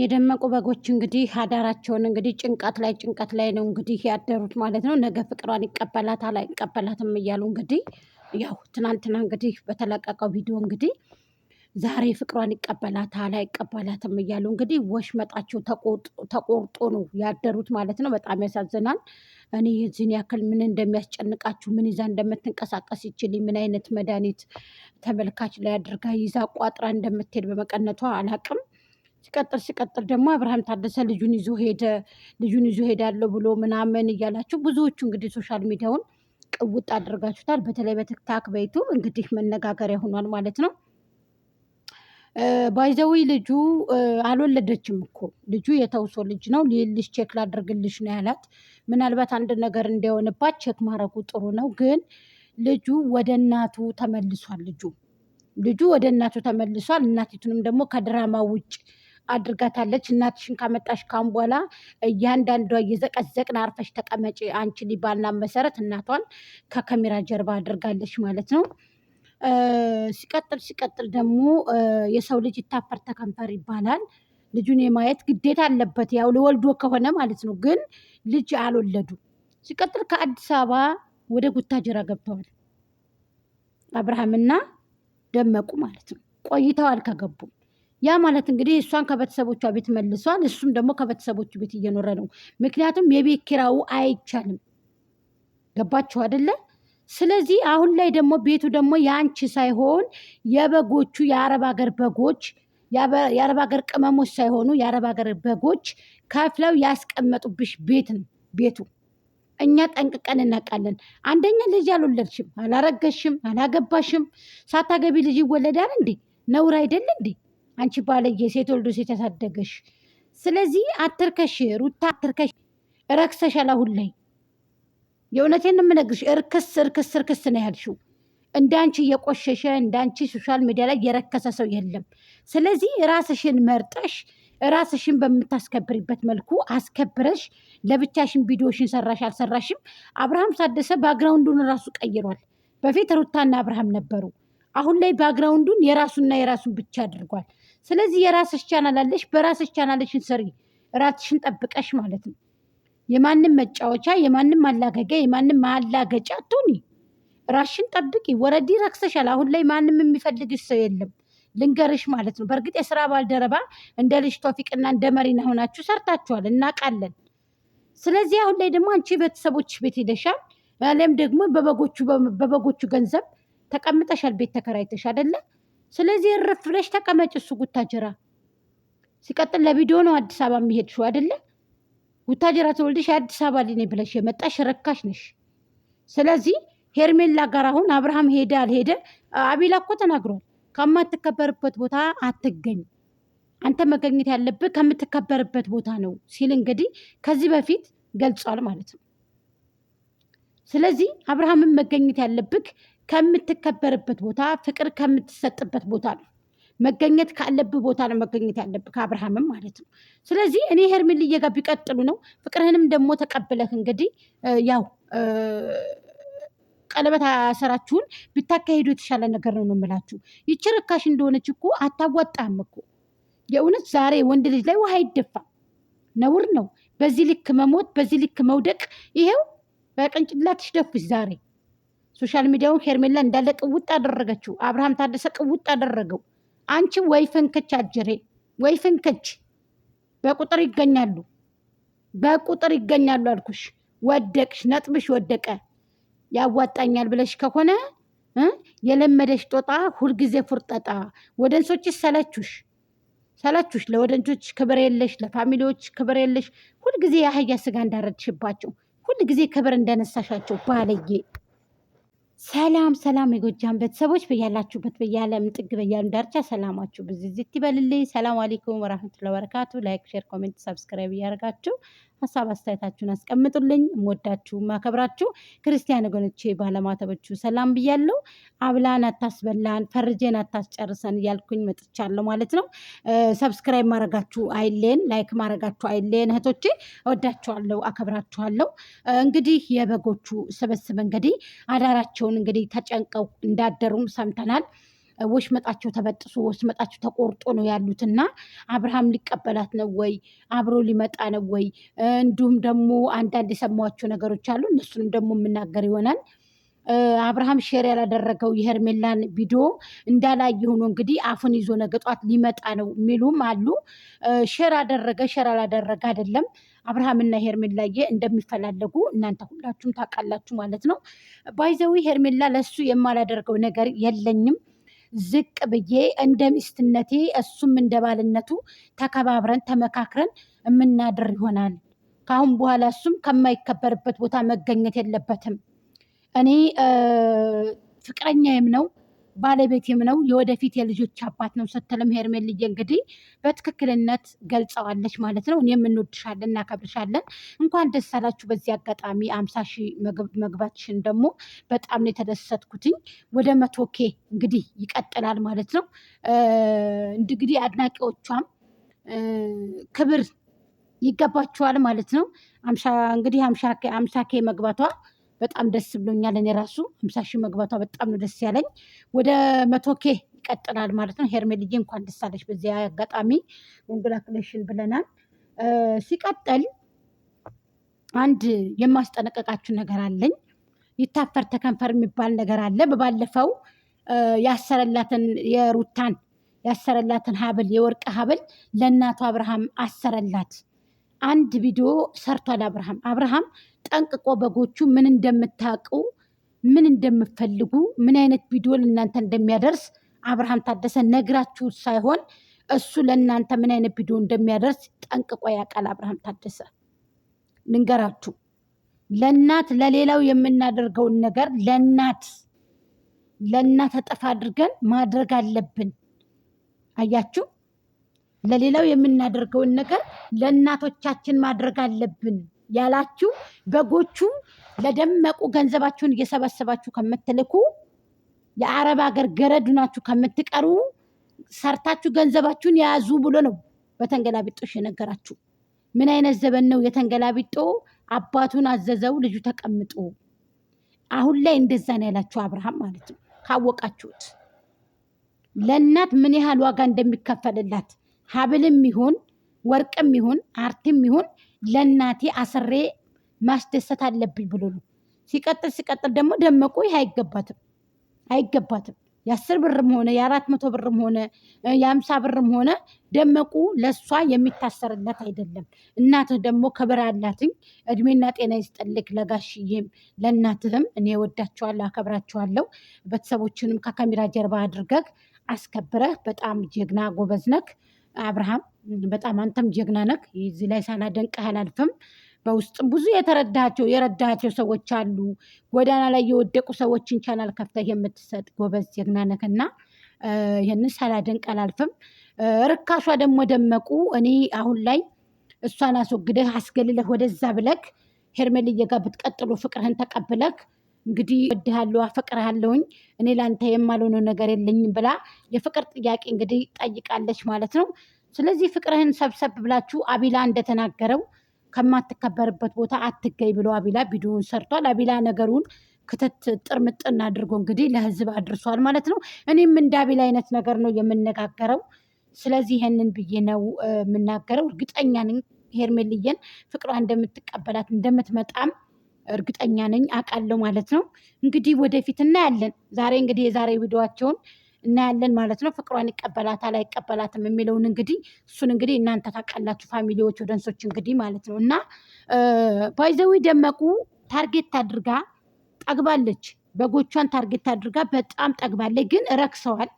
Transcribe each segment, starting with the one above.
የደመቁ በጎች እንግዲህ አዳራቸውን እንግዲህ ጭንቀት ላይ ጭንቀት ላይ ነው እንግዲህ ያደሩት ማለት ነው። ነገ ፍቅሯን ይቀበላታል አይቀበላትም እያሉ እንግዲህ ያው ትናንትና እንግዲህ በተለቀቀው ቪዲዮ እንግዲህ ዛሬ ፍቅሯን ይቀበላታል አይቀበላትም እያሉ እንግዲህ ወሽመጣቸው ተቆርጦ ነው ያደሩት ማለት ነው። በጣም ያሳዝናል። እኔ የዚህን ያክል ምን እንደሚያስጨንቃችሁ ምን ይዛ እንደምትንቀሳቀስ ይችል ምን አይነት መድኃኒት ተመልካች ላይ አድርጋ ይዛ ቋጥራ እንደምትሄድ በመቀነቷ አላቅም። ሲቀጥል ሲቀጥል ደግሞ አብርሃም ታደሰ ልጁን ይዞ ሄደ ልጁን ይዞ ሄዳለሁ ብሎ ምናምን እያላችሁ ብዙዎቹ እንግዲህ ሶሻል ሚዲያውን ቅውጥ አድርጋችሁታል። በተለይ በትክታክ በይቱ እንግዲህ መነጋገሪያ ሆኗል ማለት ነው። ባይዘዊ ልጁ አልወለደችም እኮ ልጁ የተውሶ ልጅ ነው። ልልሽ ቼክ ላድርግልሽ ነው ያላት። ምናልባት አንድ ነገር እንዳይሆንባት ቼክ ማድረጉ ጥሩ ነው። ግን ልጁ ወደ እናቱ ተመልሷል። ልጁ ልጁ ወደ እናቱ ተመልሷል። እናቲቱንም ደግሞ ከድራማ ውጭ አድርጋታለች። እናትሽን ካመጣሽ ካሁን በኋላ እያንዳንዷ እየዘቀዘቅን አርፈሽ ተቀመጪ አንቺ ሊባልና መሰረት እናቷን ከካሜራ ጀርባ አድርጋለች ማለት ነው። ሲቀጥል ሲቀጥል ደግሞ የሰው ልጅ ይታፈር ተከንፈር ይባላል። ልጁን የማየት ግዴታ አለበት፣ ያው ለወልዶ ከሆነ ማለት ነው። ግን ልጅ አልወለዱ። ሲቀጥል ከአዲስ አበባ ወደ ጉታጀራ ገብተዋል አብርሃምና ደመቁ ማለት ነው። ቆይተዋል ከገቡ ያ ማለት እንግዲህ እሷን ከቤተሰቦቿ ቤት መልሷል፣ እሱም ደግሞ ከቤተሰቦቹ ቤት እየኖረ ነው። ምክንያቱም የቤት ኪራው አይቻልም። ገባችሁ አደለ? ስለዚህ አሁን ላይ ደግሞ ቤቱ ደግሞ የአንቺ ሳይሆን የበጎቹ የአረብ ሀገር በጎች የአረብ ሀገር ቅመሞች ሳይሆኑ የአረብ ሀገር በጎች ከፍለው ያስቀመጡብሽ ቤት ነው ቤቱ። እኛ ጠንቅቀን እናውቃለን። አንደኛ ልጅ አልወለድሽም፣ አላረገሽም፣ አላገባሽም። ሳታገቢ ልጅ ይወለዳል እንዴ? ነውር አይደል እንዴ? አንቺ ባለየ ሴት ወልዶ ሴት ያሳደገሽ። ስለዚህ አትርከሽ ሩታ፣ አትርከሽ ረክሰሻል። አሁን ላይ የእውነቴን የምነግርሽ እርክስ እርክስ እርክስ ነው ያልሽው። እንዳንቺ እየቆሸሸ እንዳንቺ ሶሻል ሚዲያ ላይ የረከሰ ሰው የለም። ስለዚህ ራስሽን መርጠሽ ራስሽን በምታስከብሪበት መልኩ አስከብረሽ ለብቻሽን ቪዲዮሽን ሰራሽ አልሰራሽም። አብርሃም ሳደሰ ባግራውንዱን ራሱ ቀይሯል። በፊት ሩታና አብርሃም ነበሩ። አሁን ላይ ባግራውንዱን የራሱና የራሱን ብቻ አድርጓል። ስለዚህ የራስሽ ቻናል አለሽ፣ በራስሽ ቻናልሽን ስሪ፣ ራስሽን ጠብቀሽ ማለት ነው። የማንም መጫወቻ፣ የማንም ማላገጊያ፣ የማንም ማላገጫ አትሁኒ። ራስሽን ጠብቂ። ወረዲ ረክሰሻል። አሁን ላይ ማንም የሚፈልግሽ ሰው የለም። ልንገርሽ ማለት ነው። በእርግጥ የስራ ባልደረባ እንደ ልጅ ቶፊቅና እንደ መሪና ሆናችሁ ሰርታችኋል፣ እናውቃለን። ስለዚህ አሁን ላይ ደግሞ አንቺ ቤተሰቦች ቤት ሄደሻል፣ አሊያም ደግሞ በበጎቹ ገንዘብ ተቀምጠሻል። ቤት ተከራይተሽ አይደለ? ስለዚህ እርፍ ብለሽ ተቀመጭ። እሱ ጉታጀራ ሲቀጥል ለቪዲዮ ነው አዲስ አበባ የሚሄድሽው አይደለ? ጉታጀራ ተወልደሽ የአዲስ አበባ ልኔ ብለሽ የመጣሽ ረካሽ ነሽ። ስለዚህ ሄርሜላ ጋር አሁን አብርሃም ሄደ አልሄደ አቢላ እኮ ተናግሯል። ከማትከበርበት ቦታ አትገኝ፣ አንተ መገኘት ያለብህ ከምትከበርበት ቦታ ነው ሲል እንግዲህ ከዚህ በፊት ገልጿል ማለት ነው። ስለዚህ አብርሃምን መገኘት ያለብህ ከምትከበርበት ቦታ፣ ፍቅር ከምትሰጥበት ቦታ ነው መገኘት ካለብህ ቦታ ነው መገኘት ያለብህ ከአብርሃምም ማለት ነው። ስለዚህ እኔ ሄርሜልዬ ጋር ቢቀጥሉ ነው። ፍቅርህንም ደግሞ ተቀብለህ እንግዲህ ያው ቀለበት ስራችሁን ብታካሄዱ የተሻለ ነገር ነው ነው የምላችሁ። ይቺ ርካሽ እንደሆነች እኮ አታዋጣም እኮ የእውነት ዛሬ ወንድ ልጅ ላይ ውሃ አይደፋም። ነውር ነው። በዚህ ልክ መሞት፣ በዚህ ልክ መውደቅ ይሄው በቅንጭላትሽ ደኩሽ ዛሬ። ሶሻል ሚዲያውን ሄርሜላ እንዳለ ቅውጥ አደረገችው። አብርሃም ታደሰ ቅውጥ አደረገው። አንቺ ወይ ፍንክች አጀሬ፣ ወይ ፍንክች። በቁጥር ይገኛሉ፣ በቁጥር ይገኛሉ አልኩሽ። ወደቅሽ፣ ነጥብሽ ወደቀ። ያዋጣኛል ብለሽ ከሆነ የለመደሽ ጦጣ ሁልጊዜ ፉርጠጣ። ወደንሶችሽ ሰለችሽ፣ ሰለችሽ። ለወደንሶች ክብር የለሽ፣ ለፋሚሊዎች ክብር የለሽ። ሁልጊዜ የአህያ ስጋ እንዳረድሽባቸው ሁል ጊዜ ክብር እንደነሳሻቸው ባለዬ። ሰላም ሰላም የጎጃም ቤተሰቦች በያላችሁበት በያለም ጥግ በያሉ ዳርቻ ሰላማችሁ ብዙ ይበልልኝ። ሰላም አሌይኩም ወራህመቱላ ወበረካቱ። ላይክ፣ ሼር፣ ኮሜንት፣ ሰብስክራይብ እያደረጋችሁ ሀሳብ አስተያየታችሁን አስቀምጡልኝ። እምወዳችሁ ማከብራችሁ ክርስቲያን ወገኖቼ ባለማተቦቹ ሰላም ብያለሁ። አብላን አታስበላን፣ ፈርጄን አታስጨርሰን እያልኩኝ መጥቻለሁ ማለት ነው። ሰብስክራይብ ማድረጋችሁ አይሌን፣ ላይክ ማድረጋችሁ አይሌን። እህቶቼ እወዳችኋለሁ፣ አከብራችኋለሁ። እንግዲህ የበጎቹ ስብስብ እንግዲህ አዳራቸውን እንግዲህ ተጨንቀው እንዳደሩም ሰምተናል። ወሽመጣቸው ተበጥሶ ወሽመጣቸው ተቆርጦ ነው ያሉትና አብርሃም ሊቀበላት ነው ወይ? አብሮ ሊመጣ ነው ወይ? እንዲሁም ደግሞ አንዳንድ የሰማቸው ነገሮች አሉ። እነሱንም ደግሞ የምናገር ይሆናል። አብርሃም ሼር ያላደረገው የሄርሜላን ቪዲዮ እንዳላየ ሆኖ እንግዲህ አፉን ይዞ ነገ ጧት ሊመጣ ነው የሚሉም አሉ። ሼር አደረገ ሼር አላደረገ አይደለም። አብርሃምና ሄርሜላዬ እንደሚፈላለጉ እናንተ ሁላችሁም ታውቃላችሁ ማለት ነው። ባይዘዊ ሄርሜላ ለሱ የማላደርገው ነገር የለኝም ዝቅ ብዬ እንደ ሚስትነቴ እሱም እንደ ባልነቱ ተከባብረን ተመካክረን የምናድር ይሆናል። ከአሁን በኋላ እሱም ከማይከበርበት ቦታ መገኘት የለበትም። እኔ ፍቅረኛዬም ነው ባለቤቴም ነው የወደፊት የልጆች አባት ነው ስትልም ሄርሜልዬ እንግዲህ በትክክልነት ገልጸዋለች ማለት ነው። እኔም እንወድሻለን እናከብርሻለን፣ እንኳን ደስ አላችሁ። በዚህ አጋጣሚ አምሳ ሺህ መግባትሽን ደግሞ በጣም ነው የተደሰትኩትኝ። ወደ መቶ ኬ እንግዲህ ይቀጥላል ማለት ነው። እንግዲህ አድናቂዎቿም ክብር ይገባችኋል ማለት ነው። እንግዲህ አምሳ ኬ መግባቷ በጣም ደስ ብሎኛል። እኔ ራሱ ሀምሳ ሺህ መግባቷ በጣም ነው ደስ ያለኝ። ወደ መቶ ኬ ይቀጥላል ማለት ነው። ሄርሜልዬ እንኳን ደስ አለሽ። በዚያ አጋጣሚ ኮንግራቹሌሽን ብለናል። ሲቀጥል አንድ የማስጠነቀቃችሁ ነገር አለኝ። ይታፈር ተከንፈር የሚባል ነገር አለ። በባለፈው ያሰረላትን የሩታን ያሰረላትን ሀብል የወርቅ ሀብል ለእናቱ አብርሃም አሰረላት። አንድ ቪዲዮ ሰርቷል አብርሃም አብርሃም ጠንቅቆ በጎቹ ምን እንደምታውቁ፣ ምን እንደምፈልጉ፣ ምን አይነት ቪዲዮ ለእናንተ እንደሚያደርስ አብርሃም ታደሰ ነግራችሁ ሳይሆን እሱ ለእናንተ ምን አይነት ቪዲዮ እንደሚያደርስ ጠንቅቆ ያውቃል። አብርሃም ታደሰ ልንገራችሁ፣ ለእናት ለሌላው የምናደርገውን ነገር ለእናት ለእናት እጥፍ አድርገን ማድረግ አለብን። አያችሁ፣ ለሌላው የምናደርገውን ነገር ለእናቶቻችን ማድረግ አለብን። ያላችሁ በጎቹ ለደመቁ ገንዘባችሁን እየሰበሰባችሁ ከምትልኩ የአረብ ሀገር ገረድ ናችሁ ከምትቀሩ ሰርታችሁ ገንዘባችሁን የያዙ ብሎ ነው በተንገላቢጦሽ የነገራችሁ። ምን አይነት ዘበን ነው የተንገላቢጦ? አባቱን አዘዘው ልጁ ተቀምጦ። አሁን ላይ እንደዛ ነው ያላችሁ አብርሃም ማለት ነው። ካወቃችሁት ለእናት ምን ያህል ዋጋ እንደሚከፈልላት ሀብልም ይሁን ወርቅም ይሁን አርቲም ይሁን ለእናቴ አስሬ ማስደሰት አለብኝ ብሎ ነው። ሲቀጥል ሲቀጥል ደግሞ ደመቁ ይህ አይገባትም አይገባትም። የአስር ብርም ሆነ የአራት መቶ ብርም ሆነ የአምሳ ብርም ሆነ ደመቁ ለእሷ የሚታሰርለት አይደለም። እናትህ ደግሞ ክብር አላትኝ። እድሜና ጤና ይስጠልክ ለጋሽዬም ለእናትህም። እኔ ወዳችኋለሁ፣ አከብራችኋለሁ። ቤተሰቦችንም ከካሜራ ጀርባ አድርገህ አስከብረህ በጣም ጀግና ጎበዝ ነህ። አብርሃም በጣም አንተም ጀግና ነክ እዚህ ላይ ሳላደንቅህ አላልፍም። በውስጥም ብዙ የተረዳቸው የረዳቸው ሰዎች አሉ። ጎዳና ላይ የወደቁ ሰዎችን ቻናል ከፍተህ የምትሰጥ ጎበዝ ጀግና ነክ እና ይህንን ሳላደንቅ አላልፍም። ርካሿ ደግሞ ደመቁ፣ እኔ አሁን ላይ እሷን አስወግደህ አስገልለህ ወደዛ ብለክ ሄርሜል ጋር ብትቀጥሉ ፍቅርህን ተቀብለክ እንግዲህ እወድሃለሁ፣ አፈቅርሃለሁኝ እኔ ለአንተ የማልሆነው ነገር የለኝም ብላ የፍቅር ጥያቄ እንግዲህ ጠይቃለች ማለት ነው። ስለዚህ ፍቅርህን ሰብሰብ ብላችሁ አቢላ እንደተናገረው ከማትከበርበት ቦታ አትገኝ ብሎ አቢላ ቪዲዮውን ሰርቷል። አቢላ ነገሩን ክተት ጥርምጥና አድርጎ እንግዲህ ለህዝብ አድርሷል ማለት ነው። እኔም እንደ አቢላ አይነት ነገር ነው የምነጋገረው። ስለዚህ ይህንን ብዬ ነው የምናገረው። እርግጠኛ ነኝ ፍቅሯ እንደምትቀበላት እንደምትመጣም እርግጠኛ ነኝ አውቃለሁ ማለት ነው። እንግዲህ ወደፊት እናያለን ዛሬ እንግዲህ የዛሬ ቪዲዮዋቸውን እናያለን ማለት ነው። ፍቅሯን ይቀበላታል አይቀበላትም የሚለውን እንግዲህ እሱን እንግዲህ እናንተ ታውቃላችሁ ፋሚሊዎች ወደንሶች እንግዲህ ማለት ነው። እና ባይዘዊ ደመቁ ታርጌት አድርጋ ጠግባለች። በጎቿን ታርጌት አድርጋ በጣም ጠግባለች። ግን ረክሰዋል፣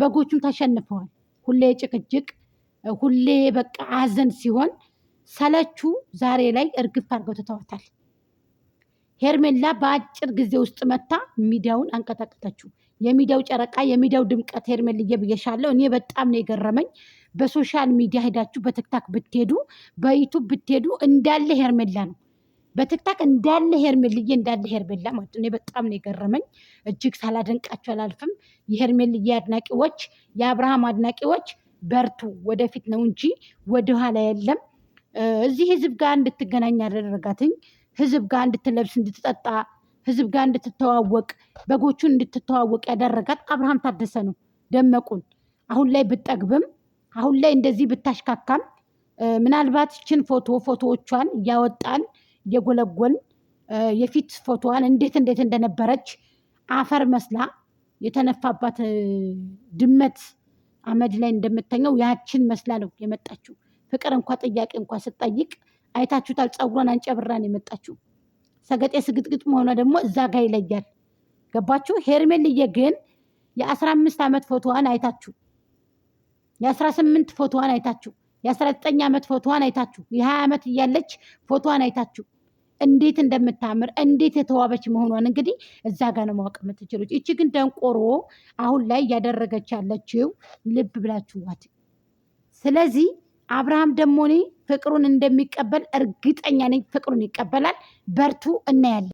በጎቹም ተሸንፈዋል። ሁሌ ጭቅጭቅ፣ ሁሌ በቃ አዘን ሲሆን ሰለቹ። ዛሬ ላይ እርግፍ አድርገው ትተዋታል። ሄርሜላ በአጭር ጊዜ ውስጥ መታ ሚዲያውን አንቀጠቀጠችው። የሚዲያው ጨረቃ፣ የሚዲያው ድምቀት ሄርሜልዬ ብዬሻለሁ። እኔ በጣም ነው የገረመኝ። በሶሻል ሚዲያ ሄዳችሁ በትክታክ ብትሄዱ፣ በዩቱብ ብትሄዱ እንዳለ ሄርሜላ ነው። በትክታክ እንዳለ ሄርሜልዬ እንዳለ ሄርሜላ ማለት እኔ በጣም ነው የገረመኝ። እጅግ ሳላደንቃቸው አላልፍም። የሄርሜልዬ አድናቂዎች፣ የአብርሃም አድናቂዎች በርቱ። ወደፊት ነው እንጂ ወደኋላ የለም። እዚህ ህዝብ ጋር እንድትገናኝ ያደረጋትኝ ህዝብ ጋር እንድትለብስ እንድትጠጣ ህዝብ ጋር እንድትተዋወቅ በጎቹን እንድትተዋወቅ ያደረጋት አብርሃም ታደሰ ነው። ደመቁን አሁን ላይ ብጠግብም አሁን ላይ እንደዚህ ብታሽካካም ምናልባት ችን ፎቶ ፎቶዎቿን እያወጣን እየጎለጎን የፊት ፎቶዋን እንዴት እንዴት እንደነበረች አፈር መስላ የተነፋባት ድመት አመድ ላይ እንደምተኘው ያችን መስላ ነው የመጣችው። ፍቅር እንኳ ጥያቄ እንኳ ስጠይቅ አይታችሁታል። ፀጉሯን አንጨብራን የመጣችው ሰገጤ ስግጥግጥ መሆኗ ደግሞ እዛ ጋ ይለያል። ገባችሁ? ሄርሜልዬ ግን የአስራ አምስት ዓመት ፎቶዋን አይታችሁ የአስራ ስምንት ፎቶዋን አይታችሁ የአስራ ዘጠኝ ዓመት ፎቶዋን አይታችሁ የሀያ ዓመት እያለች ፎቶዋን አይታችሁ እንዴት እንደምታምር እንዴት የተዋበች መሆኗን እንግዲህ እዛ ጋ ነው ማወቅ የምትችሉት። ይቺ ግን ደንቆሮ አሁን ላይ እያደረገች ያለችው ልብ ብላችኋት። ስለዚህ አብርሃም ደግሞ እኔ ፍቅሩን እንደሚቀበል እርግጠኛ ነኝ። ፍቅሩን ይቀበላል። በርቱ፣ እናያለን።